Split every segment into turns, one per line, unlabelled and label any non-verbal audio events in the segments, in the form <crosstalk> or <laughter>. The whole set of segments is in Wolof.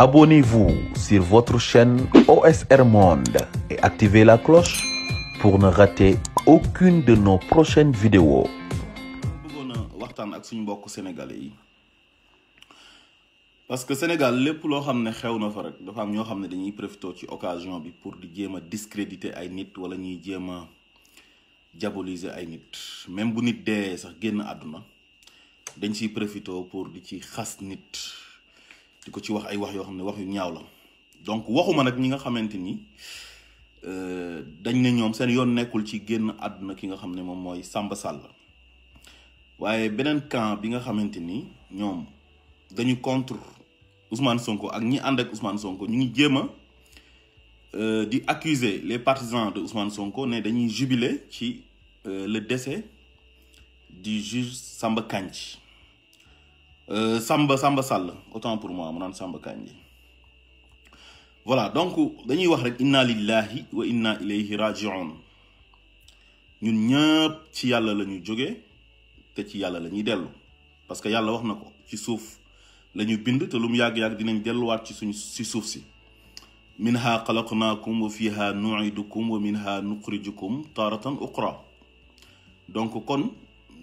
Abonnez-vous sur votre chaîne OSR Monde et activez la cloche pour ne rater aucune de nos prochaines vidéos. bëggoon waxtaan ak suñu mbokk sénégalais yi parce que Sénégal lépp loo xam ne xew na fa rek dafa am ñoo xam ne dañuy profité ci occasion bi pour di jéem a discréditer ay nit wala ñuy jéem a diaboliser ay nit même bu nit dee sax génn àdduna dañ ciy profité pour di ci xas nit. di ko ci wax ay wax yoo xam ne wax yu ñaaw la donc waxuma nag ñi nga xamante ni euh, dañ ne ñoom seen yoon nekkul ci génn àdduna ki nga xam ne moom mooy Samba Sall waaye beneen camp bi nga xamante ni ñoom dañu contre Ousmane Sonko ak ñi ànd ak Ousmane Sonko ñu ngi jéem a euh, di accuser les partisans de Ousmane Sonko ne dañuy jubiler ci euh, le décès di juge Samba Kandji Euh, Samba Samba Sall autant pour moi mu naan Samba Kanji voilà donc dañuy wax rek inna lillahi wa inna ilayhi rajiun ñun ñëpp ci yàlla la ñu jóge te ci yàlla la ñuy dellu parce que yàlla wax na ko ci suuf la bind te lu mu yàgg-yàgg dinañ delluwaat ci suñ ci suuf si minha xalaqnaakum wa fiha nuidukum wa minha nuxrijukum taratan uxra donc kon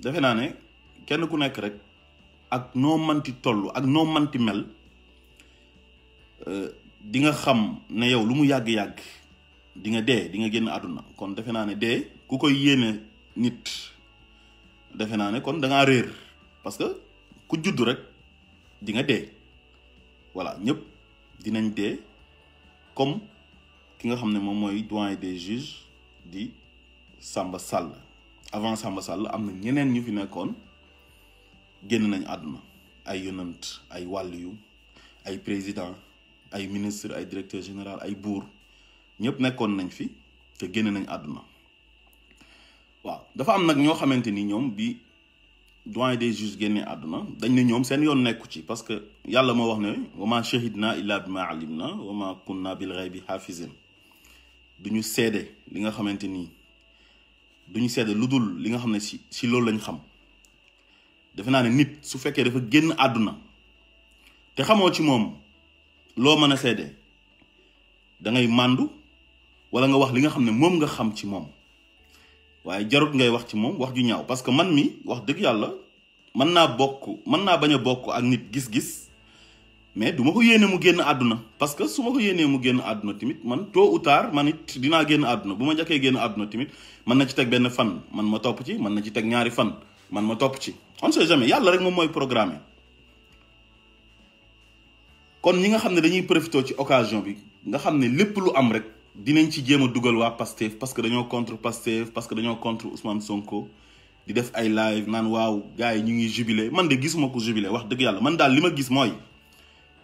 defe naa ne kenn ku nekk rek ak noo manti toll ak noo manti mel euh, di nga xam ne yow lu mu yàgg-yàgg di nga dee di nga génn àdduna kon defe naa ne dee ku koy yéene nit defe naa ne kon da ngaa réer parce que ku judd rek dinga nga dee voilà ñëpp dinañ dee comme ki nga xam ne moom mooy doyen des juges di Samba Sall avant Samba Sall am na ñeneen ñu fi nekkoon génn nañ àdduna ay yonant ay wàlliyu ay président ay ministre ay directeur général ay buur ñëpp nekkoon nañ fi te génn nañ àdduna waaw dafa am nag ñoo xamante ni ñoom bi doyen des juges génnee àdduna dañ ne ñoom seen yoon nekku ci parce que yàlla moo wax ne wama shahidna illa bima alimna wama kunna bil ghaybi hafizin du ñu seede li nga xamante nii duñu seede lu dul li nga xam ne si si loolu lañ xam defe naa ne nit su fekkee dafa génn àdduna te xamoo ci moom loo mën a seede da ngay màndu wala nga wax li nga xam ne moom nga xam ci moom waaye jarut ngay wax ci moom wax ju ñaaw parce que man mi wax dëgg yàlla mën naa bokk mën naa bañ a bokk ak nit gis-gis mais du ma ko yéene mu génn àdduna parce que su ma ko yéenee mu génn àdduna tamit man tôt ou tard man it dinaa génn àdduna bu ma njëkkee génn àdduna tamit mën na ci teg benn fan man ma topp ci mën na ci teg ñaari fan man ma topp ci on sait jamais yàlla rek moom mooy programme kon ñi nga xam ne dañuy profité ci occasion bi nga xam ne lépp lu am rek dinañ ci jéem a dugal waa Pastef parce que dañoo contre Pastef parce que dañoo contre Ousmane Sonko di def ay live naan waaw gars yi ñu ngi jubilé man de gisuma ko jubilé wax dëgg yàlla man daal li ma gis mooy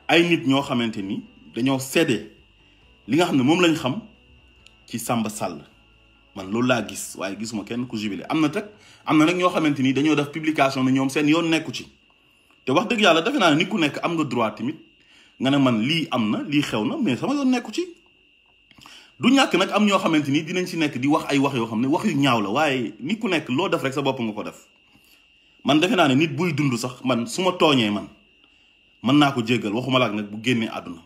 ay nit ñoo xamante ni dañoo séddee li nga xam ne moom lañ xam ci Samba Sall. man loolu laa gis waaye gisuma kenn ku jubile am na teg am na nag ñoo xamante ni dañoo def publication ne ñoom seen yoon nekku ci te wax dëgg yàlla defe naa ne nit ku nekk am nga droit tamit nga ne man lii am na lii xew na mais sama nekku ci du ñàkk nag am ñoo xamante ni dinañ ci nekk di wax ay wax yoo xam ne wax yu ñaaw la waaye nit ku nekk loo def sa bopp nga ko def man defe naa ne nit buy dund sax man su tooñee man mën naa ko jéggal waxuma laak nag bu génnee àdduna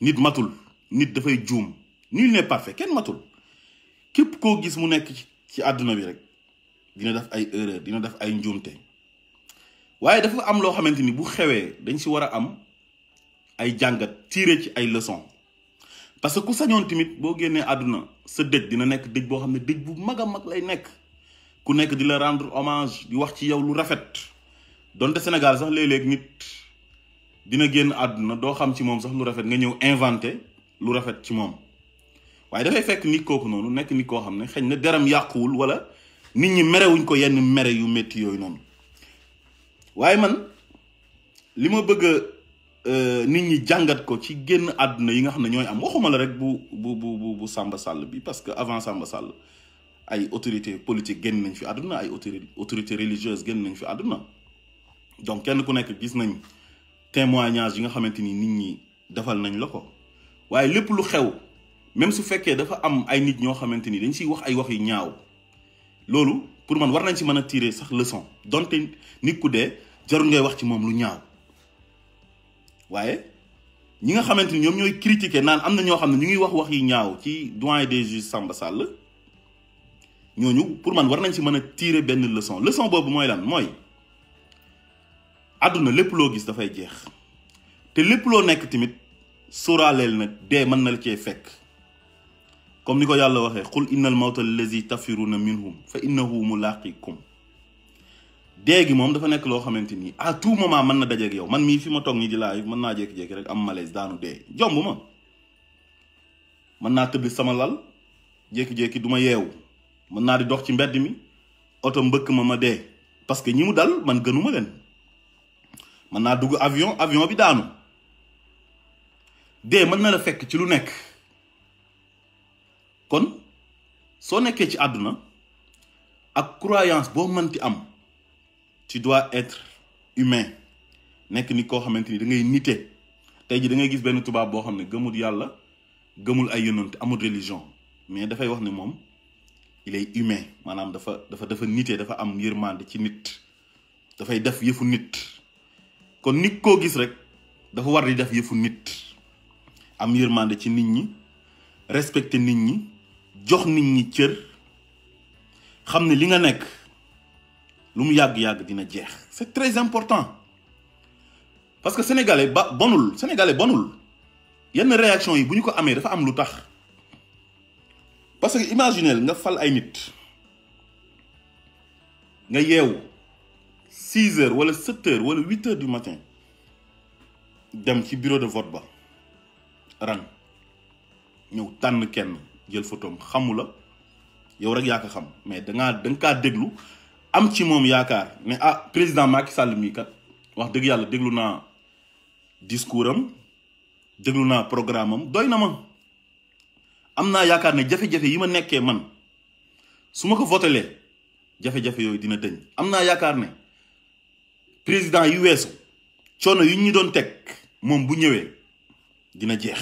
nit matul nit dafay juum nul n'est parfait kenn matul képp koo gis mu nekk ci àdduna bi rek dina def ay erreur dina def ay njuumte waaye dafa am loo xamante ni bu xewee dañ si war a am ay jàngat tiré ci ay leçons parce que ku sañoon tamit boo génnee àdduna sa dëj dina nekk dëj boo xam ne dëj bu mag a mag lay nekk ku nekk dina la rendre hommage di wax ci yow lu rafet donte Sénégal sax léeg-léeg nit dina génn àdduna doo xam ci moom sax lu rafet nga ñëw inventé lu rafet ci moom waaye dafay fekk nit kooku noonu nekk nit koo xam ne xëy na deram yàquwul wala nit ñi merewuñ ko yenn mere yu métti yooyu noonu waaye man li ma bëgg a euh, nit ñi jàngat ko ci génn àdduna yi nga xam ne ñooy am waxuma la rek bu bu bu bu Samba Sall bi parce que avant Samba Sall ay autorité politique génn nañ fi àdduna ay autorité autorité religieuse génn nañ fi àdduna donc kenn ku nekk gis nañ témoignage yi nga xamante ni nit ñi defal nañ la ko waaye lépp lu xew même su fekkee dafa am ay nit ñoo xamante ni dañ siy wax ay wax yu ñaaw loolu pour man war nañ si mën a tiire sax leçon donte nit ku dee jarul ngay wax ci moom lu ñaaw waaye ñi nga xamante ni ñoom ñooy critiquer naan am na ñoo xam ne ñu ngi wax wax yu ñaaw ci doyen des juges Samba Sall ñooñu pour man war nañ si mën a tirer benn leçon leçon boobu mooy lan mooy àdduna lépp loo gis dafay jeex te lépp loo nekk tamit sóoraaleel na dee mën na la cee fekk. comme ni ko yàlla waxee qul innal mawta allazi tafiruna minhum fa innahu mulaqikum dee gi moom dafa nekk loo xamante ni à tout moment mën na dajeeg yow man mii fi ma toog nii mën naa jékki-jékki rek am malaise daanu dee jomb ma mën naa tëbli sama lal jékki du ma yeewu mën naa di dox ci mbedd mi oto mbëkk ma ma dee parce que ñi mu man gënuma leen naa dugg avion avion bi daanu dee mën na la fekk ci lu nekk kon soo nekkee ci àdduna ak croyance boo mënti am ci dois être humain nekk ni koo xamante ni da ngay nite tey ji da ngay gis benn tubaab boo xam ne gëmul yàlla gëmul ay yonent amul religion mais dafay wax ne moom il est humain maanaam dafa dafa dafa nite dafa am yërmande ci nit dafay def yëfu nit kon nit koo gis rek dafa war di def yëfu nit am yërmande ci nit ñi respecter nit ñi jox nit ñi cër xam ne li nga nekk lu mu yàgg-yàgg dina jeex c'est très important parce que sénégalais ba bonul sénégalais bonul yenn réaction yi bu ñu ko amee dafa am lu tax parce que imaginel nga fal ay nit nga yeewu six heures wala sept heures wala huit heures du matin dem ci bureau de vote ba rang ñëw tànn kenn jël photom xamu la yow rek yaa ko xam mais dangaa da nga kaa déglu am ci moom yaakaar ne ah président Macky Sall mii kat wax dëgg yàlla déglu naa discours am déglu naa programme am doy na ma am naa yaakaar ne jafe-jafe yi ma nekkee man su ma ko votelee jafe-jafe yooyu dina dëñ am naa yaakaar ne président yu weesu coono yu ñu doon teg moom bu ñëwee dina jeex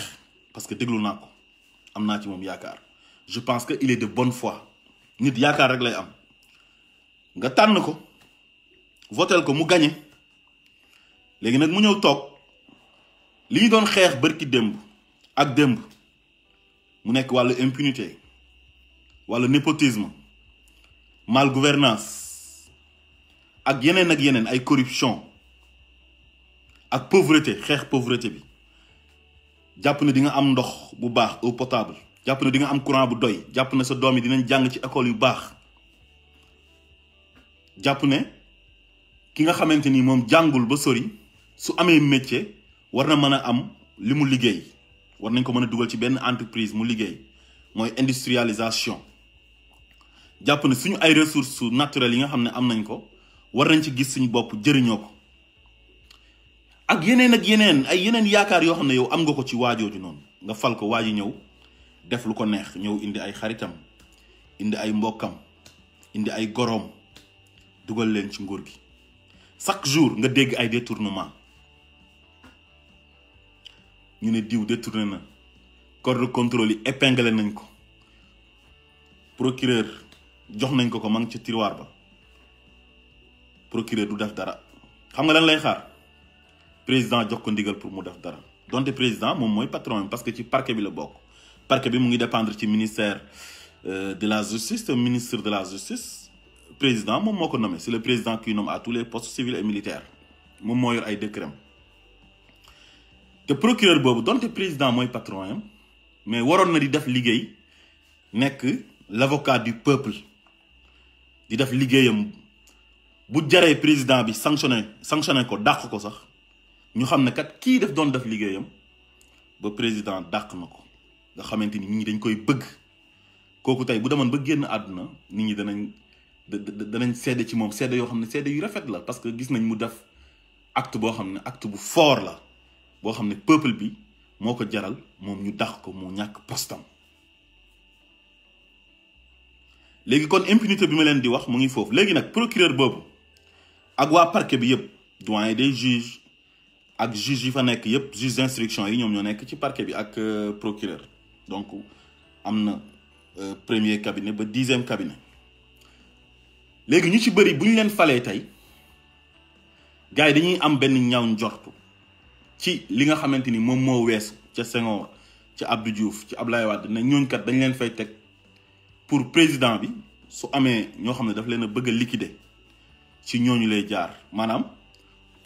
parce que déglu naa ko am naa ci moom yaakaar je pense que il est de bonne foi nit yaakaar rek lay am nga tànn ko votel ko mu gañe léegi nag mu ñëw toog li ñu doon xeex bërki démb ak démb mu nekk wàllu impunité wàllu népotisme mal gouvernance ak yeneen ak yeneen ay corruption ak pauvreté xeex pauvreté bi jàpp ne di nga am ndox bu baax eau potable jàpp ne di nga am courant bu doy jàpp ne sa doom yi dinañ jàng ci école yu baax jàpp ne ki nga xamante ni moom jàngul ba sori su amee métier war na mën a am li mu liggéey war nañ ko mën a dugal ci benn entreprise mu liggéey mooy industrialisation jàpp ne suñu ay ressources naturelles yi nga xam ne am nañ ko war nañ ci gis suñ bopp jëriñoo ko ak yeneen ak yeneen ay yeneen yaakaar yoo xam ne yow am nga ko ci waajooju noonu nga fal ko waa ñëw def lu ko neex ñëw indi ay xaritam indi ay mbokkam indi ay goroom dugal leen ci nguur gi chaque jour nga dégg ay détournement ñu ne diw détourné na corps de contrôle yi épinglé nañ ko procureur jox nañ ko ko ma ci tiroir ba procureur du def dara xam nga lan lay xaar président jox ko ndigal pour mu def dara donte président moom mooy patron parce que ci parquet bi la bokk parquet bi mu ngi dépendre ci ministère euh, de la justice te ministre de la justice président moom moo ko nommé c'est le président qui nomme à tous les postes civils et militaires moom moo yor ay décret te procureur boobu donte président mooy patron am mais waroon na di def liggéey nekk l'avocat du peuple di def liggéeyam bu jaree président bi sanctionné sanctionné ko dàq ko sax ñu xam ne kat kii def doon def liggéeyam ba président dàq na ko nga xamante ni nit ñi dañ koy bëgg kooku tey bu demoon ba génn àdduna nit ñi danañ danañ sedd ci moom sedd yoo xam ne seede yu rafet la parce que gis nañ mu def acte boo xam ne acte bu foor la boo xam ne peuple bi moo ko jaral moom ñu dàq ko mu ñàkk postam léegi kon impunité bi ma leen di wax mu ngi foofu léegi nag procureur boobu ak waa parquet bi yëpp doyen des juges ak juge yi fa nekk yëpp juge d'instruction yi ñoom ñoo nekk ci parquet bi ak euh, procureur donc am na euh, premier cabinet ba dixième cabinet léegi ñu ci bëri bu ñu leen falee tey gars yi dañuy am benn ñaaw njortu ci li nga xamante ni moom moo wees ca Senghor ci Abdou Diouf ci Abdoulaye Wade ne ñooñ kat dañ leen fay teg pour président bi su amee ñoo xam ne daf leen a bëgg a liquider ci ñooñu lay jaar maanaam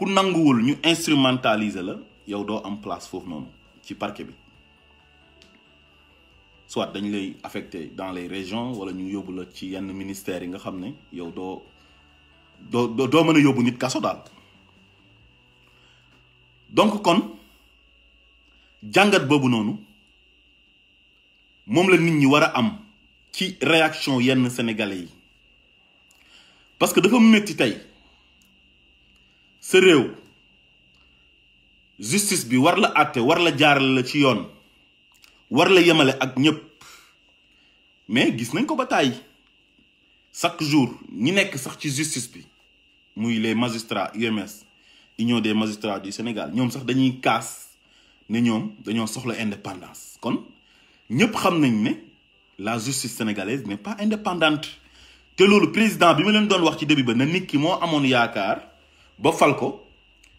ku nanguwul ñu instrumentaliser la yow doo am place foofu noonu ci parquet bi soit dañ lay affecté dans les régions wala ñu yóbbu la ci yenn ministères yi nga xam ne yow doo doo doo mën a yóbbu nit kaso daal donc kon jàngat boobu noonu moom la nit ñi war a am ci réaction yenn sénégalais yi parce que dafa métti tey. sa réew justice bi war la àtte war la jaaral la ci yoon war la yemale ak ñëpp mais gis nañ ko ba tàyyi chaque jour ñi nekk sax ci justice bi muy les magistrats UMS Union des magistrats du Sénégal ñoom sax dañuy kaas ne ñoom dañoo soxla indépendance kon ñëpp xam nañ ne la justice sénégalaise n'est pas indépendante te loolu président bi mu leen doon wax ci début ba na nit moo amoon yaakaar. ba fal ko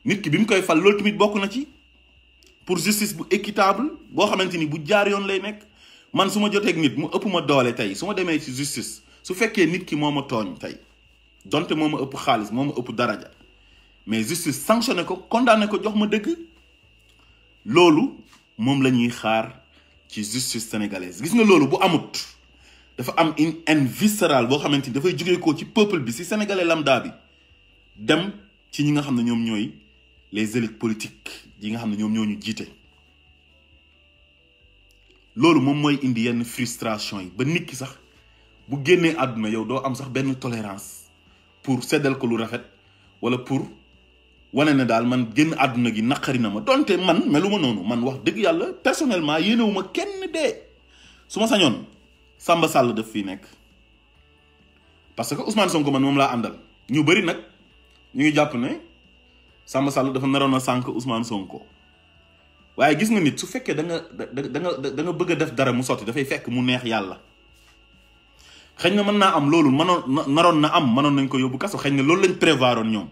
nit ki bi mu koy fal loolu tamit bokk na ci pour justice bu équitable boo xamante ni bu jaar yoon lay nekk man su ma joteeg nit mu ëpp ma doole tey su ma demee ci justice su fekkee nit ki moo ma tooñ tey donte moo ma ëpp xaalis moo ma ëpp daraja mais justice sanctionné ko condamné ko jox ma dëgg loolu moom la ñuy xaar ci justice sénégalaise gis nga loolu bu amut dafa am une haine viscérale boo xamante ni dafay jógee ko ci peuple bi si sénégalais lambda bi dem ci ñi nga xam ne ñoom ñooy les élites politiques yi nga xam ne ñoom ñoo ñu jiite loolu moom mooy indi yenn frustration yi ba nit ki sax bu génnee àdduna yow doo am sax benn tolérance pour seddal ko lu rafet walla pour wane ne daal man génn àdduna gi naqari na ma donte man meluma noonu man wax dëgg yàlla personnellement yéenewuma kenn dee su ma sañoon Samba Sall def fii nekk parce que Ousmane Sonko man moom laa àndal ñu bëri nag. ñu ngi jàpp ne Samba Sall dafa naroon na sànq Ousmane Sonko waaye gis nga nit su fekkee da nga da nga da nga bëgg def dara mu sotti dafay fekk mu neex yàlla xëy na mën naa am loolu mënoon naroon na am mënoon nañ ko yóbbu kaso xëy na loolu lañ prévoir prévoiroon ñoom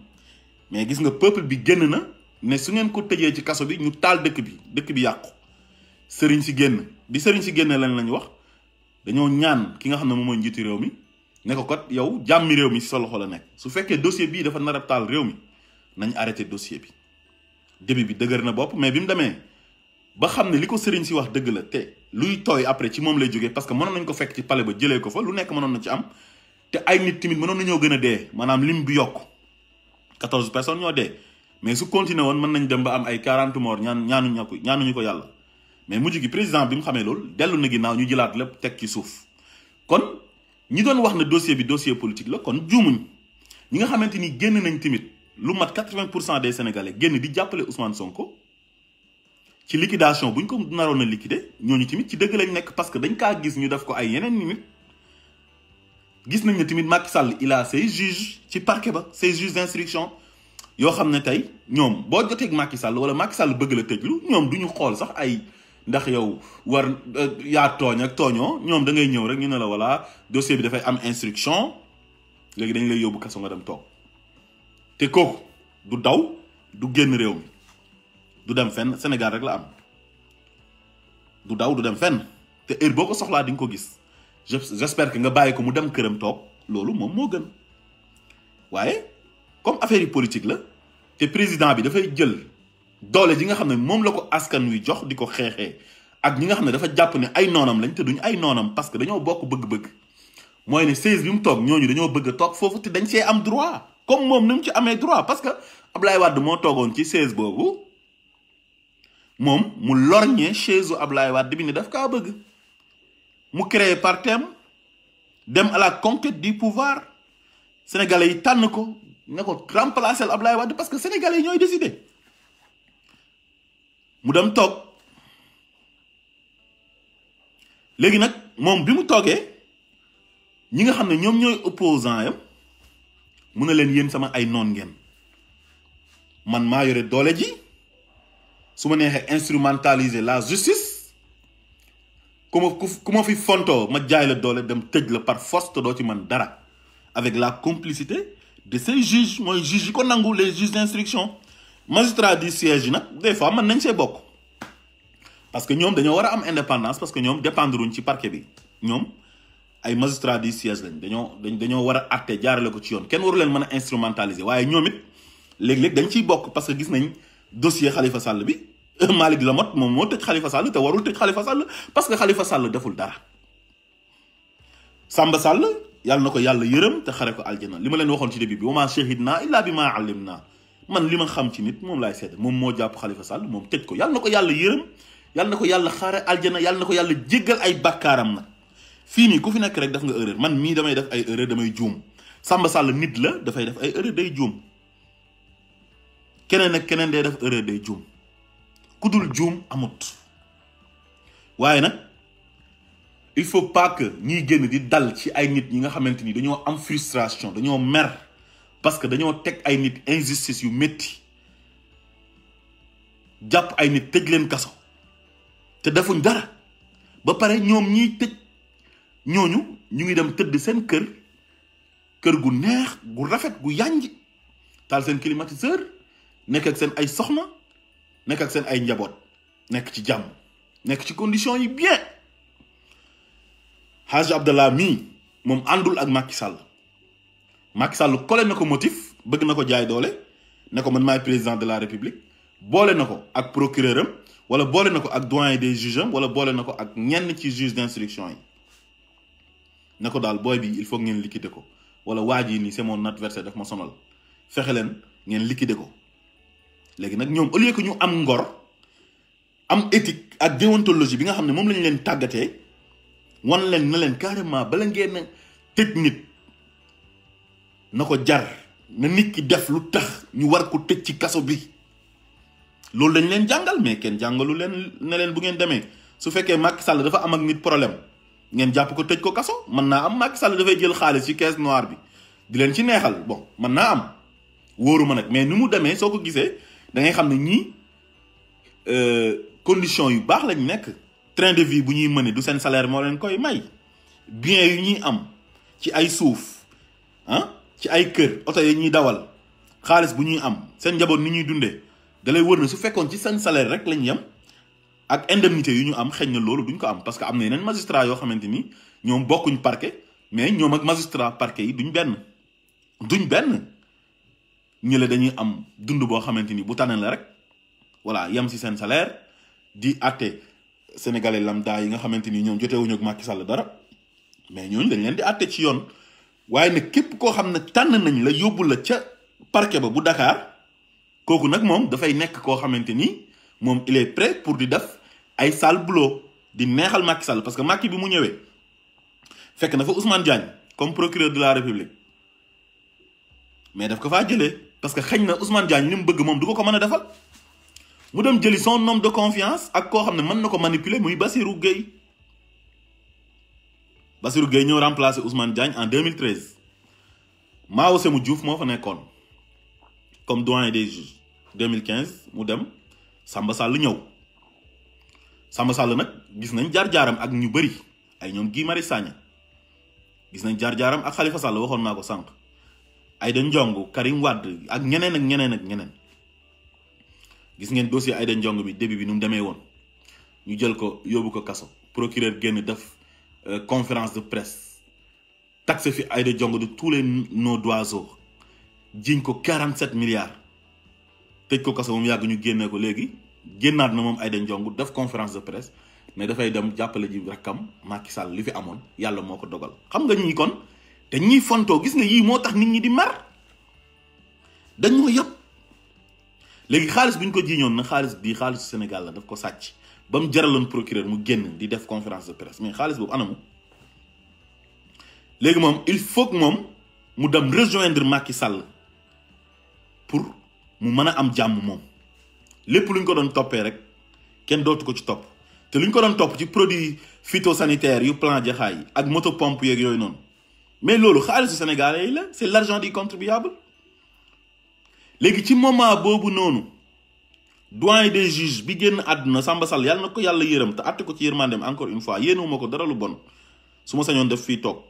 mais gis nga peuple bi génn na ne su ngeen ko tëjee ci kaso bi ñu taal dëkk bi dëkk bi yàqu sëriñ si génn bi sëriñ si génne lañ lañu wax dañoo ñaan ki nga xam ne moom mooy njiitu réew mi ne ko kat yow jàmmi réew mi si sa loxo la nekk su fekkee dossier bii dafa nar a taal réew mi nañ arrêté dossier bi début bi dëgër na bopp mais bi mu demee ba xam ne li ko sëriñ si wax dëgg la te luy tooy après ci moom lay jógee parce que mënoon nañ ko fekk ci palais ba jëlee ko fa lu nekk mënoon na ci am te ay nit tamit nañoo gën a dee maanaam lim bi yokk quatorze personnes ñoo dee mais su continué woon mën nañ dem ba am ay quarante morts ñaan ñaanuñu ko ñaanuñu ko yàlla mais mujj gi président bi mu xamee loolu dellu na ginnaaw ñu jëlaat lépp teg ci suuf ñi doon wax ne dossier bi dossier politique la kon juumuñ ñi nga xamante ni génn nañ tamit lu mat 80 pour cent des sénégalais génn di jàppale Ousmane Sonko ci liquidation bu ñu ko naroon na liquider ñooñu tamit ci dëgg lañu nekk parce que dañ kaa gis ñu def ko ay yeneen nit gis nañ ne tamit Macky Sall il a ses ci parquet ba ses juges d'instruction yoo xam ne tey ñoom boo joteeg Macky Sall wala Macky Sall bëgg la tëjlu ñoom du ñu xool sax ay. ndax yow war euh, yaa tooñ ak tooñoo ñoom da ngay ñëw rek ñu ne la voilà dossier bi dafay am instruction léegi dañ lay yóbbu kaso nga dem toog te kooku du daw du génn réew mi du dem fenn Sénégal rek la am du daw du dem fenn te heure boo ko soxlaa dañ ko gis j'espère que nga bàyyi ko mu dem këram toog loolu moom moo gën waaye comme affaire yi politique la te président bi dafay jël doole ji nga xam ne moom la ko askan wi jox di ko xeexee ak ñi nga xam ne dafa jàpp ne ay noonam lañ te duñ ay noonam parce que dañoo bokk bëgg-bëgg mooy ne siège bi mu toog ñooñu dañoo bëgg toog foofu te dañ see am droit comme moom ni mu ci amee droit parce que Ablaye Wade moo toogoon ci siège boobu moom mu lorñee chaise u Ablaye Wade bi ne daf kaa bëgg mu créé par thème dem à la conquête du pouvoir sénégalais yi tànn ko ne ko remplacer Ablaye Wade parce que sénégalais yi ñooy décider. mu dem toog léegi nag moom bi mu toogee ñi nga xam ne ñoom ñooy opposant yam mu ne leen yéen sama ay noon ngeen man maa yore doole ji su ma neexee instrumentaliser la justice ku ma ku ma fi fontoo ma jaay la doole dem tëj la par force te doo ci man dara avec la complicité de ces juges mooy juges yi ko nangu les juges d'instruction magistrat du siège yi nag des fois man nañ see bokk parce que ñoom dañoo war a am indépendance parce que ñoom dépendruñ ci parquet bi ñoom ay magistrat du siège lañ dañoo dañ dañoo war a àtte jaarale ko ci yoon kenn waru leen mën a instrumentaliser waaye ñoom it léeg-léeg dañ ciy bokk parce que gis nañ dossier Khalifa Sall bi euh, la Lamotte moom moo tëj Khalifa Sall te warul tëj Khalifa Sall parce que Khalifa Sall deful dara Samba Sall yàlla na ko yàlla yërëm te xare ko aljana li ma leen waxoon ci début bi wa maa shahidnaa illaa bi man li ma xam ci nit moom laay seede moom moo jàpp Khalifa Sall moom tëj ko yàlla na ko yàlla yërëm yàlla na ko yàlla xaare aljana yàlla na ko yàlla jéggal ay bàkkaaram nag fii nii ku fi nekk rek def nga erreur man mii damay def ay erreur damay juum sàmba Sall nit la dafay def ay erreur day juum keneen ak keneen day def erreur day juum ku dul juum amut waaye nag il faut pas que ñiy génn di dal ci ay nit ñi nga xamante ni dañoo am frustration dañoo mer parce que dañoo teg ay nit injustice yu métti jàpp ay nit tëj leen kaso te defuñ dara ba pare ñoom ñiy tëj ñooñu ñu ngi dem tëdd seen kër kër gu neex gu rafet gu yànj taal seen climatiseur nekk ak seen ay soxna nekk ak seen ay njaboot nekk ci jàmm nekk ci condition yi bien Hadj Abdallah mii moom àndul ak Macky Sall Macky Sall kole na ko motif bëgg na ko jaay doole ne ko man maay président de la république boole na ko ak procureur am wala boole na ko ak doyen des juges am wala boole na ko ak ñenn ci juge d'instruction yi ne ko daal booy bi il faut ngeen liquider ko wala waa ji nii semon mon adversaire def ma sonal fexe leen ngeen liquider ko léegi nag ñoom au lieu ñu am ngor am éthique ak déontologie bi nga xam ne moom lañu leen tàggatee wan leen na leen carrément bala ngeen tëj nit. na ko jar na nit ki def lu tax ñu war ko tëj ci kaso bi loolu dañ leen jàngal mais kenn jàngalu leen neleen bu ngeen demee su fekkee Macky Sall dafa am ak nit problème ngeen jàpp ko tëj ko kaso mën naa am Macky Sall dafay jël xaalis ci caisse noire bi di leen ci neexal bon mën naa am wóoruma nag mais ni mu demee soo ko gisee da ngay xam ne ñii euh, condition yu baax lañ nekk train de vie bu ñuy mëne du seen salaire moo leen koy may bien yu ñuy am ci ay suuf ah ci ay kër oto yi ñuy dawal xaalis bu ñuy am seen njaboot ni ñuy dundee da lay wër na su fekkoon ci seen salaire rek lañu yem ak indemnité yu ñu am xëy na loolu duñ ko am parce que am na yeneen magistrat yoo xamante ni ñoom bokkuñ parquet mais ñoom ak magistrat parquet yi duñ benn duñ benn ñu dañuy am dund boo xamante ni bu tànnee la rek voilà yem si seen salaire di àtte sénégalais lambda yi nga xamante ni ñoom jotewuñu ak Macky dara mais ñooñu dañ leen di àtte ci yoon waaye nag képp koo xam ne tànn nañ la yóbbu la ca parquet ba bu Dakar kooku nag moom dafay nekk koo xamante ni moom il est prêt pour di def ay sale boulot di neexal Macky Sall parce que Macky bi mu ñëwee fekk na fa Ousmane Diagne comme procureur de la République mais daf ko faa jëlee parce que xëy na Ousmane Diagne li mu bëgg moom du ko ko mën a defal mu dem jëli son homme de confiance ak koo xam ne mën na ko manipuler muy Bassirou Gueye Bassirou Gueye ñoo remplacé Ousmane Diagne en 2013 Mao Semou Diouf moo fa nekkoon comme doyen des juges 2015 mu dem sàmba Sall ñëw Samba Sall nag gis nañ jaar-jaaram ak ñu bëri ay ñoom Guy Marius Sagna gis nañ jaar-jaaram ak Khalifa Sall waxoon naa ko sànq Aïda njong Karim Wade ak ñeneen ak ñeneen ak ñeneen gis ngeen dossier Aïda njong bi début bi nu mu demee woon ñu jël ko yóbbu ko kaso procureur génn def. Euh, conférence de presse taxe fi Aïda Ndiongue de tous les noms d'oiseaux jiñ ko 47 milliards tëj ko kaso moom yàgg ñu génnee ko léegi génnaat na moom Aïda Ndiongue def conférence de presse ne dafay dem jàppale ji rakkam Macky Sall li fi amoon yàlla moo ko dogal xam nga ñii kon te ñii fontoo gis nga yii moo tax nit ñi di dañ dañoo yëpp léegi xaalis bu ñu ko jiiñoon na xaalis bii xaalisu Sénégal la daf ko sàcc ba mu jaraloon procureur mu génn di def conférence de presse mais xaalis boobu anamu léegi moom il faut que moom mu dem rejoindre Macky Sall pour mu mën a am jàmm moom lépp lu ñu ko doon toppee rek kenn dootu ko ci topp te lu ñu ko doon topp ci produit phytosanitaire yu plan jaxaay yi ak moto pomp yeeg yooyu noonu mais loolu xaalisu sénégalais yi la c'est l'argent du contribuable léegi ci moment boobu noonu. doyen des juges bi génn àdduna Samba Sall yàlla na ko yàlla yërëm te àtte ko ci yërmandeem encore une fois yéenewu ma ko dara lu bon su ma sañoon def fii toog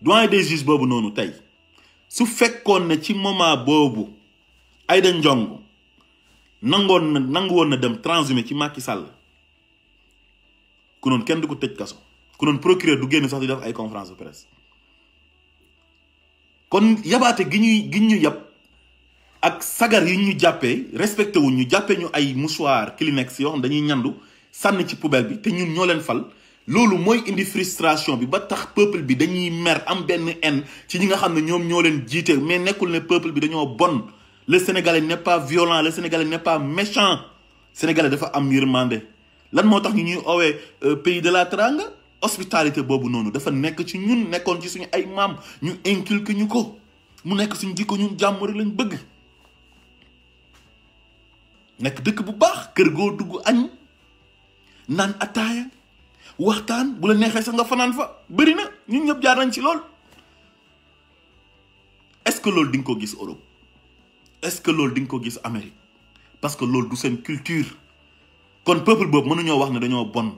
doyen des juges boobu noonu tey su fekkoon na ci moment boobu Aïda Ndiongue nangoon na nangu woon na dem transhumé ci Macky Sall ku noon kenn du ko tëj kaso ku noonu procureur du génn sax di def ay conférence de presse kon yabaate gi ñuy gi ñu yab ak sagar yi ñu jàppee respecté wuñ ñu jàppee ñu ay mouchoir Kleenex yoo xam dañuy ñandu sànni ci poubelle bi te ñun ñoo leen fal loolu mooy indi fristration bi ba tax peuple bi dañuy mer am benn haine ci ñi nga xam ne ñoom ñoo leen jiite mais nekkul ne peuple bi dañoo bon le sénégalais n'est pas violent le sénégalais n'est pas méchant sénégalais dafa am yërmande lan moo tax ñu ñuy oowee euh, pays de la Teranga hospitalité boobu noonu dafa nekk ci ñun nekkoon ci suñu ay maam ñu inculque ko mu nekk suñu jikko ñun jàmm rek bëgg nekk dëkk bu baax kër goo dugg añ naan ataaya waxtaan bu la neexee sax nga fanaan fa bëri na ñun ñëpp jaar nañ ci lool est-ce que di nga ko gis Europe est-ce que loolu di nga ko gis Amérique parce que loolu du seen culture kon peuple boobu mënuñoo wax ne dañoo bon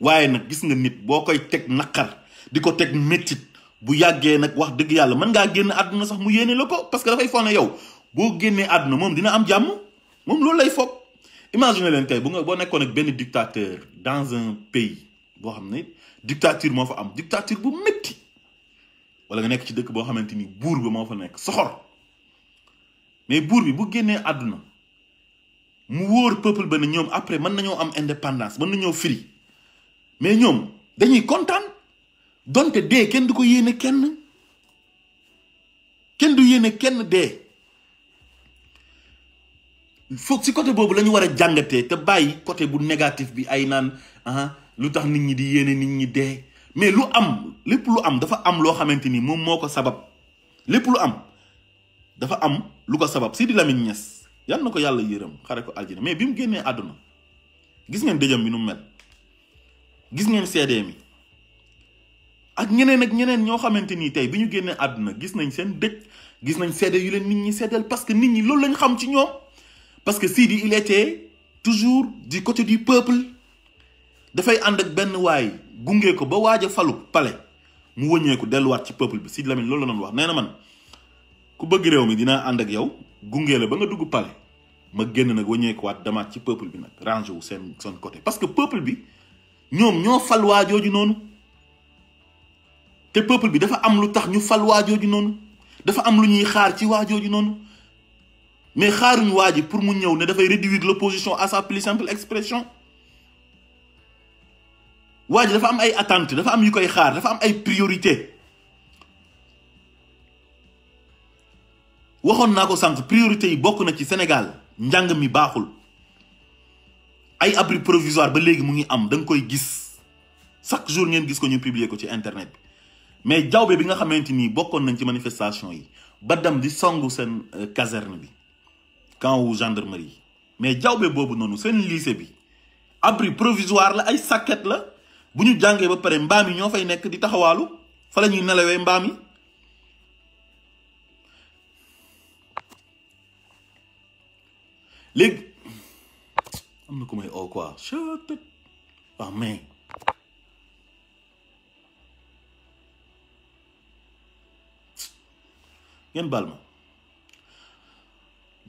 waaye nag gis nga nit boo koy teg naqar di ko teg métit bu yàggee nag wax dëgg yàlla mën ngaa génn àdduna sax mu yéene la ko parce que dafay foog ne yow boo génnee àdduna moom dina am jàmm moom loolu lay foog imagine leen tey bu nga boo nekkoon ak benn dictateur dans un pays boo xam ne dictature moo fa am dictature bu métti wala nga nekk ci dëkk boo xamante ni buur bi moo fa nekk soxor mais buur bi bu génnee àdduna mu wóor peuple ba ne ñoom après mën nañoo am indépendance mën nañoo firi mais ñoom dañuy kontaan donte dee kenn du ko yéene kenn kenn du yéene kenn dee. foog si côté boobu lañu war a jàngatee te bàyyi côté bu négatif bi ay naan ah lu tax nit ñi di yéene nit ñi dee mais lu am lépp lu am dafa am loo xamante ni moom moo ko sabab lépp lu am dafa am lu ko sabab di Lamine ñes yal na ko yàlla yërëm xare ko aljina mais bi mu génnee àdduna gis ngeen dëjëm bi nu mu mel gis ngeen seedee mi ak ñeneen ak ñeneen ñoo xamante ni tey bi ñu génnee àdduna gis nañ seen dëj gis nañ seede yu leen nit ñi seedeel parce que nit ñi loolu lañ xam ci ñoom. parce que Sidi il était toujours di côté du peuple dafay ànd ak benn waay gunge ko ba waaja falu pale mu wëññeeku delluwaat ci peuple bi Sidi Lamine loolu la wax nee na man ku bëgg réew mi dinaa ànd ak yow gunge la ba nga dugg palais ma génn nag wëññeekuwaat damaat ci peuple bi nag rangé wu seen seen côté parce que peuple bi ñoom ñoo fal waa jooju noonu te peuple bi dafa am lu tax ñu fal waa jooju noonu dafa am lu ñuy xaar ci waa jooju noonu. mais xaaruñu waa ji pour mu ñëw ne dafay réduire l'opposition à sa plus simple expression waa dafa am ay attentes dafa am yu koy xaar dafa am ay priorité waxoon naa ko sànq priorité yi bokk na ci Sénégal njàng mi baaxul ay abri provisoire ba léegi mu ngi am da nga koy gis chaque jour ngeen gis ko ñu publier ko ci internet bi mais jawbe bi nga xamante ni bokkoon nañ ci manifestation yi ba dam di songu seen euh, caserne bi camp wu gendarmerie mais jawbe boobu noonu seen liise bi abri provisoire la ay sàkket la bu ñu jàngee ba pare mbaam yi ñoo fay nekk di taxawaalu fa la ñuy nelawee mbaam yi léegi am na ku may oo quoi waaw ah, mais ngeen baal ma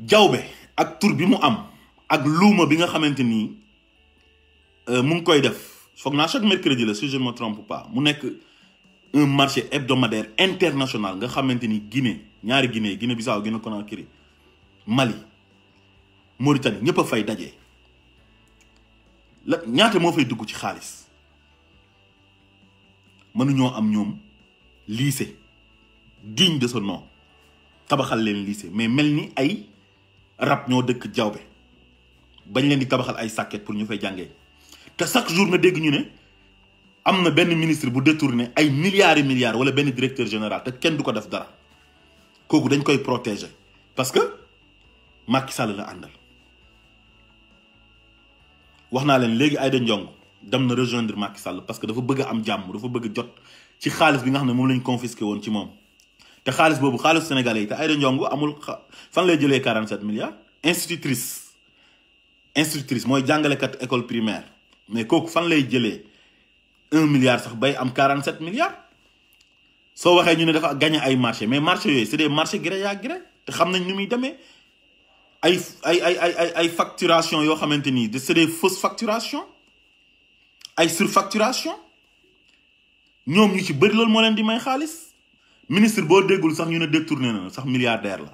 jawbe ak tur bi mu am ak luuma bi nga xamante ni euh, mu ngi koy def foog naa chaque mercredi la si je ne me trompe mu nekk un marché hebdomadaire international nga xamante ni Guinée ñaari Guinée Guinée Bissau Guinée Conakry Mali Mauritanie ñëpp a fay daje la ñaata moo fay dugg ci xaalis mënuñoo am ñoom lycée digne de ce nom tabaxal leen lycée mais mel ni ay. rab ñoo dëkk jawbe bañ leen di tabaxal ay sàkket pour ñu fay jàngee te chaque jour nga dégg ñu ne am na benn ministre bu détourné ay milliards et milliards wala benn directeur général te kenn du ko def dara kooku dañ koy protéger parce que Macky Sall la àndal wax naa leen léegi Aïda Ndiongue dem na rejoindre Macky Sall parce que dafa bëgg am jàmm dafa bëgg jot ci xaalis bi nga xam ne moom lañ confisqué woon ci moom te xaalis boobu xaalis sénégalais yi te Aïda Ndiongue amul fan lay jëlee 47 milliards institutrice institutrice mooy jàngalekat école primaire mais kooku fan lay jëlee 1 milliard sax bay am 47 milliards soo waxee ñu ne dafa gagné ay marché mais marché yooyu c'est des marchés gré à gré te xam nañ nu muy demee ay ay ay ay ay ay facturation yoo xamante nii c'est des fausses facturations ay surfacturation ñoom ñu ci bëri loolu moo leen di may xaalis ministre boo déggul sax ñu ne détourné na sax milliardaire la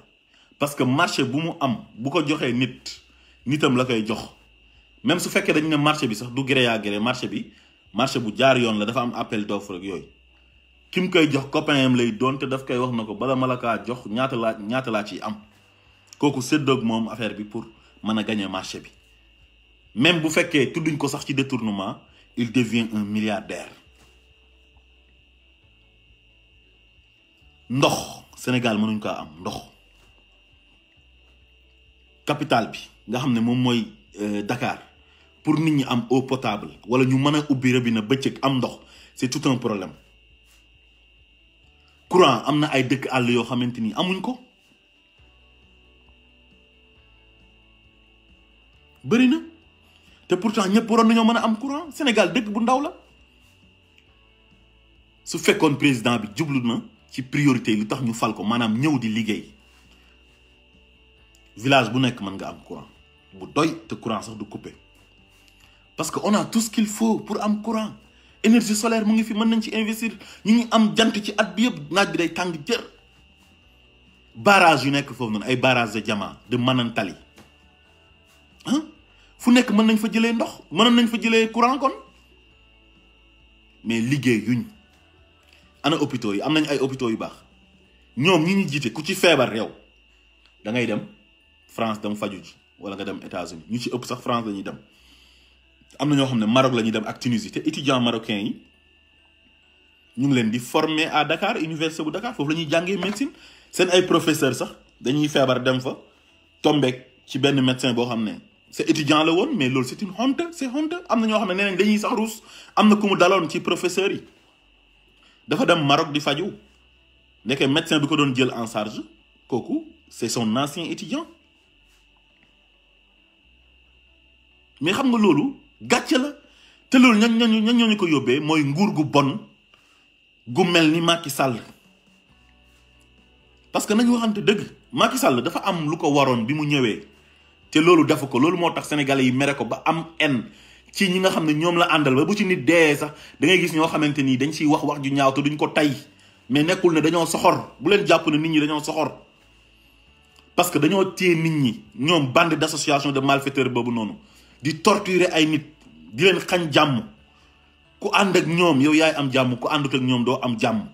parce que marché bu mu am bu ko joxee nit nitam la koy jox même su fekkee dañ ne marché bi sax du gré à gré marché bi marché bu jaar yoon la dafa am appel d'offre rek yooyu ki mu koy jox copain am lay doon te daf koy wax na ko bala ma la kaa jox ñaata laa ñaata laa ciy am kooku séddoog moom affaire bi pour mën a gagner marché bi même bu fekkee tudduñ ko sax ci détournement il devient un milliardaire ndox Sénégal mënuñ kaa am ndox capital bi nga xam ne moom mooy euh, Dakar pour nit ñi am eau potable wala ñu mën a ubbi na bëccëg am ndox c'est tout un problème courant am na ay dëkk àll yoo xamante ni amuñ ko bëri na te pourtant ñëpp waroon nañoo mën a am courant Sénégal dëkk bu ndaw la su fekkoon président bi jublu na. ci priorité yi lu tax ñu fal ko maanaam ñëw di liggéey village bu nekk mën nga am courant bu doy te courant sax du coupé parce que on a tout qu'il faut pour am courant énergie solaire mu ngi fi mën nañ ci investir ñu ngi am jant ci at bi yëpp naaj bi day tàng jër barage yu nekk foofu noonu ay barrage de Diama de Manantali fu nekk mën nañ fa jëlee ndox mënoon nañ fa jëlee courant kon mais liggéey yuñ ana hôpitaux yi am nañ ay hôpitaux yu baax ñoom ñi ñu jiite ku ci feebar yow da ngay dem France dem faju ji wala nga dem États-Unis ñu ci ëpp sax France la ñuy dem am na ñoo xam ne Maroc la ñuy dem ak Tunisie te étudiants marocains yi ñu ngi leen di former à Dakar université bu Dakar foofu la ñuy jàngee médecine seen ay professeur sax dañuy feebar dem fa tombeek ci benn médecin boo xam ne c'est étudiant la woon mais loolu c'est une honte c'est am na ñoo xam ne nee nañ dañuy sax ruus am na ku mu daloon ci professeur yi dafa dem Maroc di faju nekkee médecin bi ko doon jël en charge kooku c'est son ancien étudiant mais xam nga loolu gàcc la te loolu ñan ña ñan ñoo ñu ko yóbbee mooy nguur gu bon gu mel ni Macky sàll parce que nañu waxante dëgg Macky Sall dafa am lu ko waroon bi mu ñëwee te loolu dafa ko loolu moo tax sénégalais yi mere ko ba am en ci ñi nga xam ne ñoom la àndal ba bu ci nit dee sax dangay gis ñoo xamante ni dañ ciy wax wax ju ñaaw te duñ ko tey mais nekkul ne dañoo soxor bu leen jàpp ne nit ñi dañoo soxor parce que dañoo téye nit ñi ñoom bande d'association de malfaiteurs boobu noonu di torturer ay nit di leen xañ jàmm ku ànd ak ñoom yow yaay am jàmm ku àndut ak ñoom doo am jàmm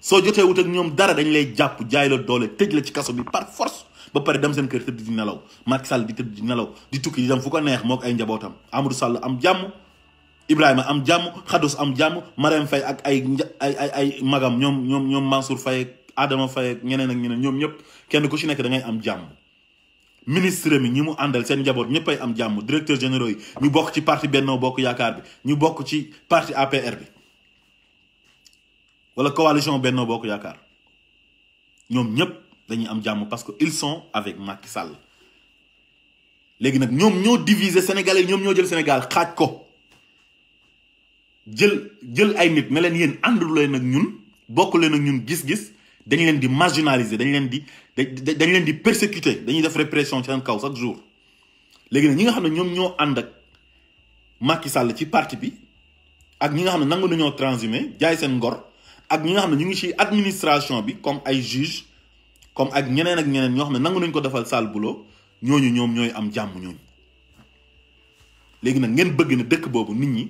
soo jotee wut ak ñoom dara dañ lay jàpp jaay la doole tëj la ci kaso bi par force ba pare dem seen kër tëdd di nelaw Macky Sall di tëdd di nelaw di tukki di dem fu ko neex moo ay njabootam Amadou Sall am jàmm Ibrahima am jàmm Khadous am jàmm Marème Faye ak ay ay ay ay magam ñoom ñoom ñoom Mansour Faye Adama Faye ñeneen ak ñeneen ñoom ñëpp kenn ku ci nekk da ngay am jàmm. ministre mi ñi mu àndal seen njaboot ñëpp ay am jàmm directeur généraux yi ñu bokk ci parti Benno Bokk Yaakaar bi ñu bokk ci parti APR bi wala coalition Benno Bokk Yaakaar ñoom ñëpp. dañuy am jàmm parce que ils son avec Macky Sall léegi nag ñoom ñoo diviser Sénégalais ñoom ñoo jël Sénégal xaaj ko jël jël ay nit ne leen yéen àndul leen ak ñun bokk leen ak ñun gis-gis dañu leen di marginaliser dañu leen di dañu leen di persécuté dañuy def répression ci seen kaw chaque jour léegi nag ñi nga xam ne ñoom ñoo ànd ak Macky Sall ci parti bi ak ñi nga xam ne nangu nañoo transhumé jaay seen ngor ak ñi nga xam ne ñu ngi ci administration bi comme ay juge comme ak ñeneen ak ñeneen ñoo xam ne nangu nañ ko defal sale boulot ñooñu ñoom ñooy am jàmm ñooñu léegi nag ngeen bëgg na dëkk boobu nit ñi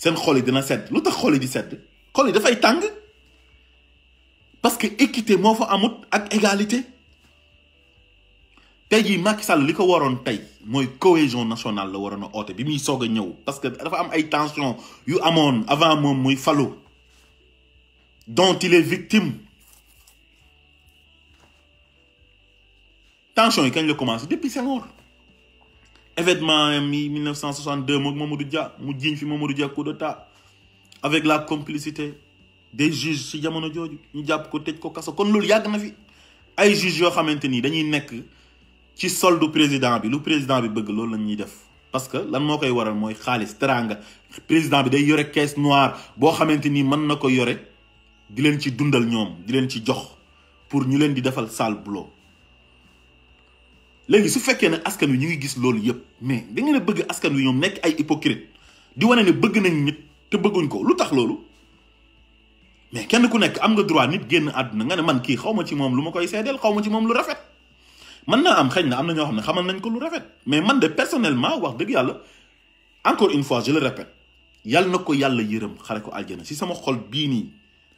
seen xol yi dina sedd lu tax xol yi di sedd xol yi dafay tàng parce que équité moo fa amut ak égalité tey jii Macky Sall li ko waroon tey mooy cohésion national la waroon a oote bi muy soog a ñëw parce que dafa am ay tension yu amoon avant moom muy falo dont il est victime tension yi kañ la commencé depuis Senghor événement euh, mi 1962 moom Mamadou Dia mu jiiñ fi Mamadou Dia coup d'état avec la complicité des juges ci jamono jooju ñu jàpp ko tëj ko kaso kon loolu yàgg na fi ay juges yoo xamante ni dañuy nekk ci soldu président bi lu président bi bëgg loolu la ñuy def parce que lan moo koy waral mooy xaalis teraanga président bi day yore caisse noire boo xamante ni mën na ko yore di leen ci dundal ñoom di leen ci jox pour ñu leen di defal sale boulot léegi su fekkee ne askan wi ñu ngi gis loolu yëpp mais da ngeen bëgg askan wi ñoom nekk ay hypocrite di wane ne bëgg nañu nit te bëgguñ ko lu tax loolu mais kenn ku nekk am nga droit nit génn àdduna nga ne man kii xaw ma ci moom lu ma koy seedeel xawma ci moom lu rafet. mën naa am xëy na am na ñoo xam ne xamal nañ ko lu rafet mais man de personnellement wax dëgg yàlla encore une fois je le répète yàlla na ko yàlla yërëm xare ko aljana si sama xol bii nii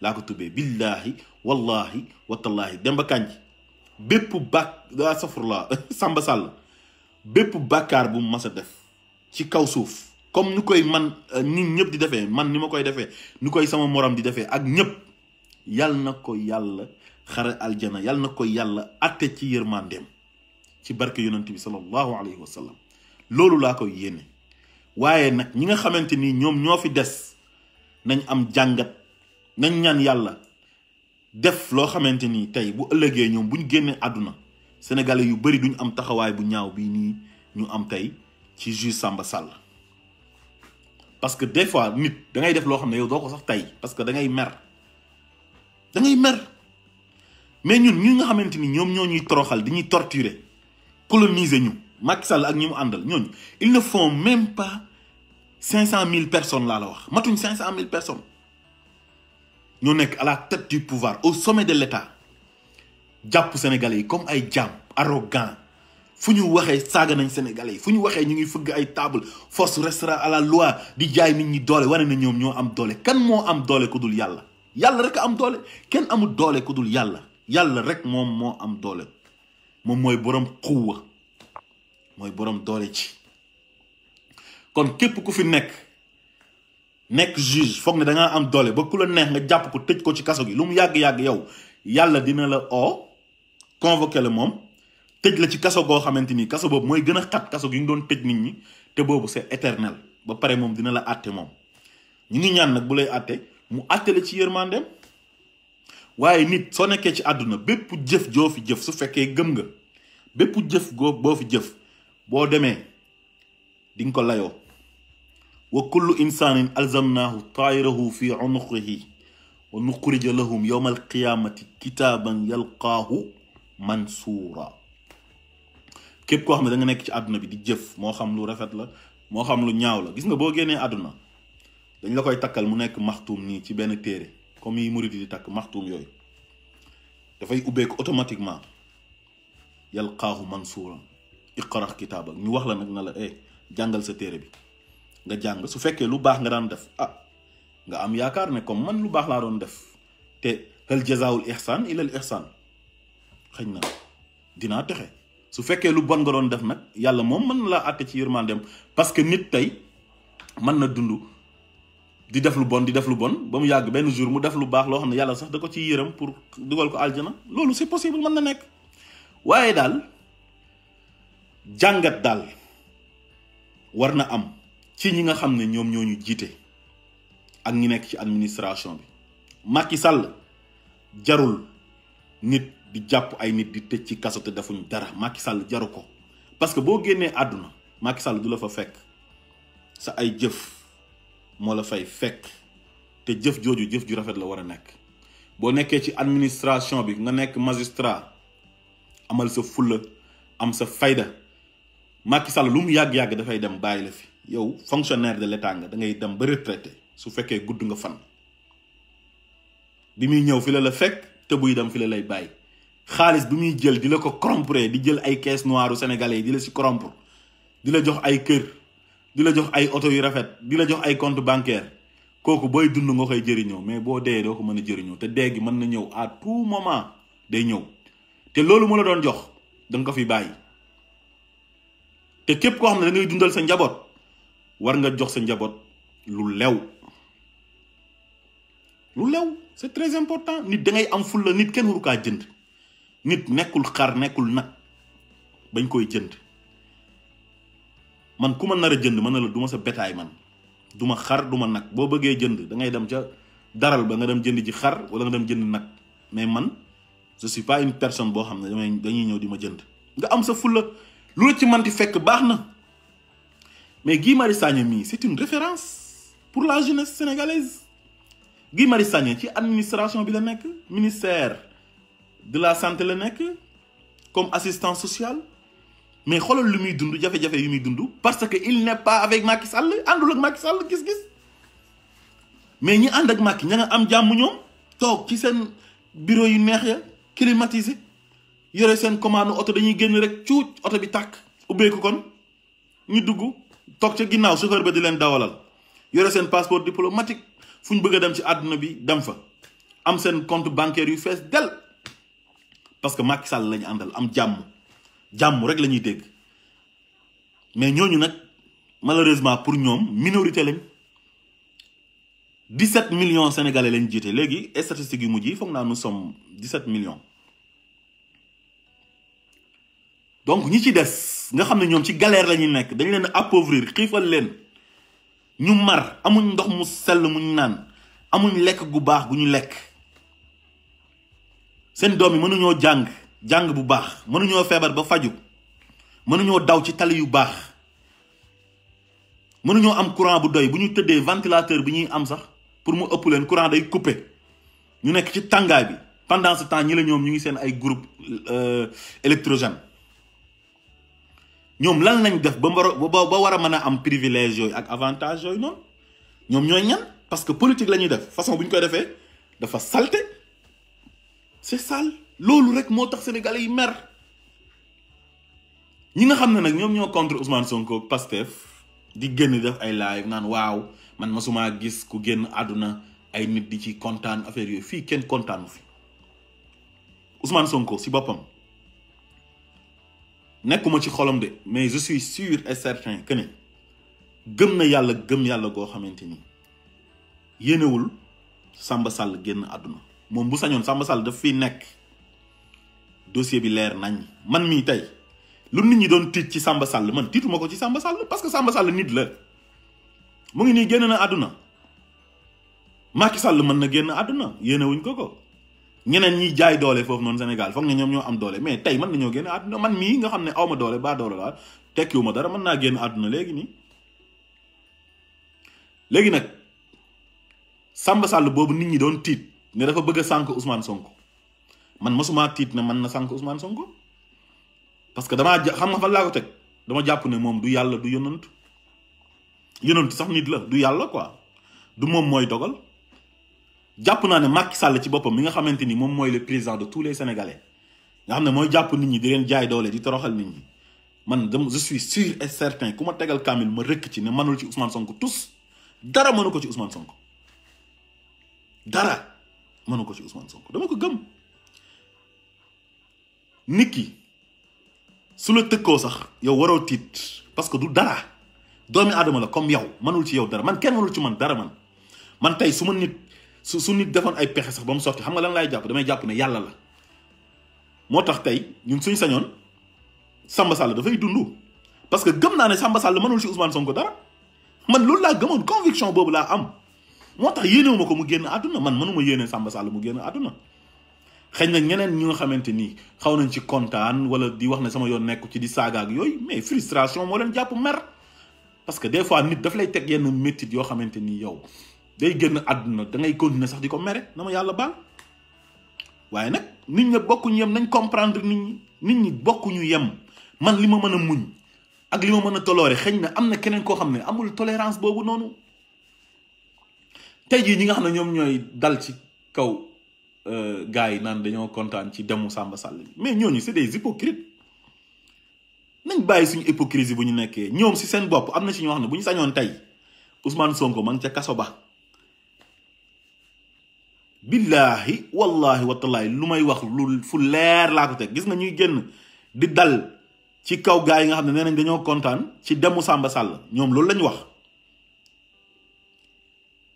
laa ko tubbee billaahi wallaahi watallaahi Demba Kandji bépp bàkk astafurlah <laughs> Samba Sall bépp bàkkaar bu mas a def ci kaw suuf comme ni koy man ñun euh, ñëpp di defee man ni ma koy defee ni koy sama morom di defee ak ñëpp yal na ko yàlla xar aljana yal na ko yàlla atte ci yërmandeem ci barke yonent bi sallallahu alayhi wa sallam loolu laa koy yéene waaye nag ñi nga xamante ni ñoom ñoo fi des nañ am jàngat nañ ñaan yàlla def loo xamante ni tey bu ëllëgee ñoom bu ñu génnee àdduna sénégalais yu bëri duñ am taxawaay bu ñaaw bii nii ñu am tey ci juge Samba Sall parce que des fois nit da ngay def loo xam ne yow doo ko sax tey parce que da ngay mer da mer mais ñun ñu nga xamante ni ñoom ñoo ñuy toroxal di ñuy torturer coloniser ñu Macky Sall ak ñu mu àndal ñooñu ils ne font même pas cinq cent mille personnes laa la wax matuñ cinq cent mille personnes. ñoo nekk à la tête du pouvoir au sommet de l'État jàpp sénégal yi comme ay jaam arrogant fu ñu waxee saaga nañ sénégalais yi fu ñu waxee ñu ngi fëgg ay table force restera à la loi bi jaay nit ñi doole wane na ñoom ñoo am doole kan moo am doole ku dul yàlla yàlla rek am doole kenn amul doole ku dul yàlla yàlla rek moom moo am doole moom mooy borom xuwa mooy borom doole ci kon képp ku fi nekk nekk juge foog na da am doole ba ku la neex nga jàpp ko tëj ko ci kaso gi lu mu yàgg-yàgg yow yàlla dina la o convoqué la moom tëj la ci kaso goo xamante ni kaso boobu mooy gën a xat kaso gi nga doon tëj nit ñi te boobu c'est éternel ba pare moom dina la àtte moom ñu ngi ñaan nag bu lay àtte mu àtte ci yërmandeem waaye nit soo nekkee ci àdduna bépp jëf joo fi jëf su fekkee gëm nga bépp jëf goo boo fi jëf boo demee di ko layoo wa kullu insaanin alzamnaahu taayirahu fi unuqihi wa nuxrija lahum yowma alqiyaamati kitaaban yalqaahu mansuura képp koo xam ne danga nekk ci àdduna bi di jëf moo xam lu rafet la moo xam lu ñaaw la gis nga boo génnee àdduna dañ la koy takkal mu nekk maxtuum nii ci benn téere comme yi murid di takk maxtuum yooyu dafay ubbeeku automatiquement yalqaahu mansuura iqra kitaabak ñu wax la nag na la eh jàngal sa téere bi nga jàng su fekkee lu baax nga daan def ah nga am yaakaar ne comme man lu baax laa doon def te hal jazaawul ihsaan ilal ihsaan xëy na dinaa texe su fekkee lu bon nga doon def nag yàlla moom mën na laa àtte ci yërmandeem parce que nit tey mën na dund di def lu bon di def lu bon ba mu yàgg benn jour mu def lu baax loo xam ne yàlla sax da ko ci yërëm pour dugal ko aljana loolu c'est possible mën na nekk waaye daal jàngat daal war na am ci ñi nga xam ne ñoom ñoo ñu jiite ak ngi nekk ci administration bi Macky Sall jarul nit di jàpp ay nit di tëj ci kaso te defuñ dara Macky Sall jaru ko parce que boo génnee àdduna Macky Sall du la fa fekk sa ay jëf moo la fay fekk te jëf jooju jëf ju rafet la war a nekk boo nekkee ci administration bi nga nekk magistrat amal sa fulla am sa fayda Macky Sall lu mu yàgg-yàgg dafay dem bàyyi la fi yow fonctionnaire de l'état nga da ngay dem ba retraité su fekkee gudd nga fan bi muy ñëw fi la la fekk te buy dem fi la lay bàyyi xaalis bi muy jël di la ko corrompre di jël ay caisse noire sénégalais yi di la si corrompre di la jox ay kër di la jox ay oto yu rafet di la jox ay compte bancaire kooku booy dund nga koy jëriñoo mais boo dee doo ko mën a jëriñoo te dee mën na ñëw à tout moment day ñëw te loolu mu la doon jox danga ko fi bàyyi te képp koo xam ne da ngay dundal sa njaboot. war nga jox sa njaboot lu lew lu lew c'est très important nit da ngay am ful nit kenn waru kaa jënd nit nekkul xar nekkul nag bañ koy jënd man ku ma nar a jënd man na la du sa bétail man du ma xar du ma nag boo bëggee jënd da ngay dem ca daral ba nga dem jënd ji xar wala nga dem jënd nag mais man je pas une personne boo xam ne damay dañuy ñëw di ma jënd nga am sa fulla lu la ci manti fekk baax na mais Guy Marius Sagna mii c'est une référence pour la jeunesse sénégalaise Guy Marius Sagna ci administration bi la nekk ministère de la santé la nekk comme assistant sociale mais xoolal lu muy dund jafe-jafe yu muy dund parce que il n'est pas avec Macky Sall àndul ak Macky Sall gis-gis mais ñi ànd ak Macky ña am jàmm ñoom toog ci seen bureau yu neex ya climatisé yore seen commande oto dañuy génn rek cuuc oto bi tàkk ubbeeku kon ñu dugg toog ca ginnaaw chauffeur ba di leen dawalal yore seen passeport diplomatique fu ñu bëgg a dem ci àdduna bi dem fa am seen compte bancaire yu fees del parce que Macky Sall la àndal am jàmm jàmm rek la ñuy dégg mais ñooñu nag malheureusement pour ñoom minorité lañ 17 million sénégalais lañ jiite léegi statistiques yu mujj yi foog naa nous sommes 17 million donc ñi ci des. nga xam ne ñoom ci galère la ñuy nekk dañ leen appauvrir xiifal leen ñu mar amuñ ndox mu sell muñ naan amuñ lekk gu baax gu ñu lekk seen doom yi mënuñoo jàng jàng bu baax mënuñoo feebar ba faju mënuñoo daw ci tali yu baax mënuñoo am courant bu doy bu ñu tëddee ventilateur bi ñuy am sax pour mu ëpp leen courant day coupé ñu nekk ci tàngaay bi pendant ce temps ñi la ñoom ñu ngi seen ay groupe euh, électrogène ñoom lan lañ def ba ba ba war a mën a am privilège yooyu ak avantage yooyu noonu ñoom ñooy ñan parce que politique la ñuy def façon bu ñu koy defee dafa salte c'est sale loolu rek moo tax sénégalais yi mer ñi nga xam ne nag ñoom ñoo contre Ousmane Sonko Pastef di génn def ay live naan waaw man masumaa gis ku génn àdduna ay nit di ci kontaan affaire yooyu fii kenn kontaanu fi Ousmane Sonko si boppam nekkuma ci xolam de mais je suis et certain que ne gëm na yàlla gëm yàlla goo xamante ni yéenewul Samba Sall génn àdduna moom bu sañoon Samba Sall daf fiy nekk dossier bi leer nañ man mii tey lu nit ñi doon tiit ci Samba Sall man tiituma ko ci sàmba Sall parce que Samba Sall nit la mu ngi nii génn na àdduna Macky Sall mën na génn àdduna yéenewuñ ko ko ñeneen ñiy jaay doole foofu noonu Sénégal foog ne ñoom ñoo am doole mais tey mën nañoo génn àdduna man mii nga xam ne aw ma doole baa doole laa tekkiwu ma dara mën naa génn àdduna léegi nii. léegi nag Samba Sall boobu nit ñi doon tiit ne dafa bëgg a sànq Ousmane Sonko man masumaa tiit na man na sànk Ousmane Sonko parce que damaa xam nga fan laa ko teg dama jàpp ne moom du yàlla du yonant yonant sax nit la du yàlla ko du moom mooy dogal. jàpp naa ne Macky Sall ci boppam mi nga xamante ni moom mooy le président de tous les sénégalais nga xam ne mooy jàpp nit ñi di leen jaay doole di toroxal nit ñi man dama je suis sûr et certain ku ma tegal kaamil ma rëkk ci ne manul ci Ousmane Sonko dara mënu ko ci Ousmane Sonko dara mënu ko ci Ousmane Sonko dama ko gëm nit ki su la tëkkoo sax yow waroo tiit parce que du dara doomi aadama la comme yow mënul ci yow dara man kenn mënul ci man dara man man tey su ma nit su su nit defoon ay pexe sax ba mu sotti xam nga lan laay jàpp damay jàpp ne yàlla la moo tax tey ñun suñ sañoon Samba Sall dafay dund parce que gëm naa ne Samba Sall mënul ci Ousmane Sonko dara man loolu laa gëmoon conviction boobu laa am moo tax yéenewu ko mu génn àdduna man mënuma yéene sàmba Sall mu génn àdduna xëy na ñeneen ñi nga xamante ni xaw nañ ci kontaan wala di wax ne sama yoon nekku ci di saaga ak yooyu mais frustration moo leen jàpp mer parce que des fois nit daf lay teg yenn métit yoo xamante ni yow day génn àdduna da ngay continuer sax di ko mere na ma yàlla baal waaye nag nit ña bokkuñu yem nañ comprendre nit ñi nit ñi bokkuñu yem man li ma mën a muñ ak li ma mën a toloore xëñ na am na keneen koo xam ne amul tolérance boobu noonu tey jii ñi nga xam ne ñoom ñooy dal ci kaw euh, gars yi naan dañoo kontaan ci demu Samba Sall bi mais ñooñu c'est des hypocrites nañ bàyyi suñu hypocrisie bu ñu nekkee ñoom si seen bopp am na si ñoo xam ne bu ñu sañoon tey Ousmane Sonko ma ngi kaso ba billaahi wallaahi watalaay lu may wax lu fu leer laa ko teg gis nga ñuy génn di dal ci kaw gaa yi nga xam ne nee nañ dañoo kontaan ci demu Samba Sall ñoom loolu lañu wax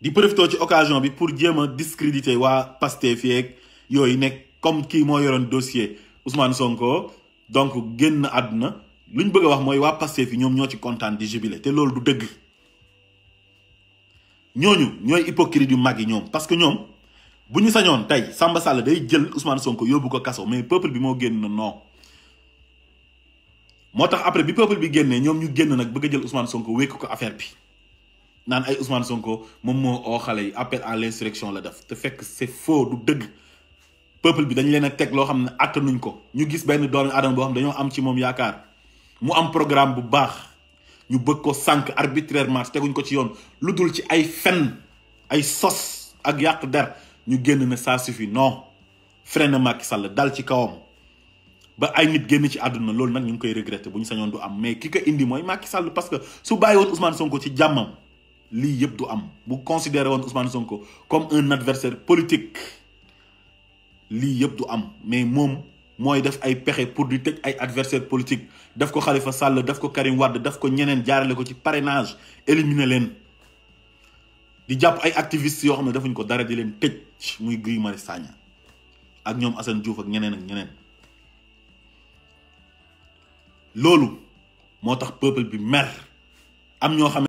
di profité ci occasion bi pour jéem a discréditer waa Pastef yeeg yooyu nekk comme kii moo yoroon dossier Ousmane Sonko donc génn àdduna luñ bëgg a wax mooy waa Pastef yi ñoom ñoo ci kontaan di jubilé te loolu du dëgg ñooñu ñooy hypocrite yu mag yi ñoom parce que ñoom. bu ñu sañoon tey Samba Sall day jël Ousmane Sonko yóbbu ko kaso mais peuple bi moo génn na non moo tax après bi peuple bi génnee ñoom ñu génn nag bëgg jël Ousmane Sonko wékk ko affaire bi naan ay Ousmane Sonko moom moo oo xale yi appel à l'insurrection la def te fekk c'est foo du dëgg peuple bi dañ leen a teg loo xam ne attanuñ ko ñu gis benn doomi aadama boo xam dañoo am ci moom yaakaar mu am programme bu baax ñu bëgg ko sànq arbitrairement teguñ ko ci yoon lu dul ci ay fen ay sos ak yàq der ñu génn ne ça suffit non freiné Macky Sall dal ci kawam ba ay nit génn ci àdduna loolu nag ñu ngi koy regretté bu ñu sañoon du am mais ki ko indi mooy Macky Sall parce que su bàyyi woon Ousmane Sonko ci jàmmam lii yëpp du am bu considéré woon Ousmane Sonko comme un adversaire politique lii yëpp du am mais moom mooy def ay pexe pour di teg ay adversaire politique daf ko Khalifa Sall daf ko Karim wàdd daf ko ñeneen jaarale ko ci parrainage éliminer leen di jàpp ay activistes yoo xam ne defuñ ko dara di leen tëj muy Guy Marius Sagna ak ñoom Assane Diouf ak ñeneen ak ñeneen loolu moo tax peuple bi mer am ñoo xam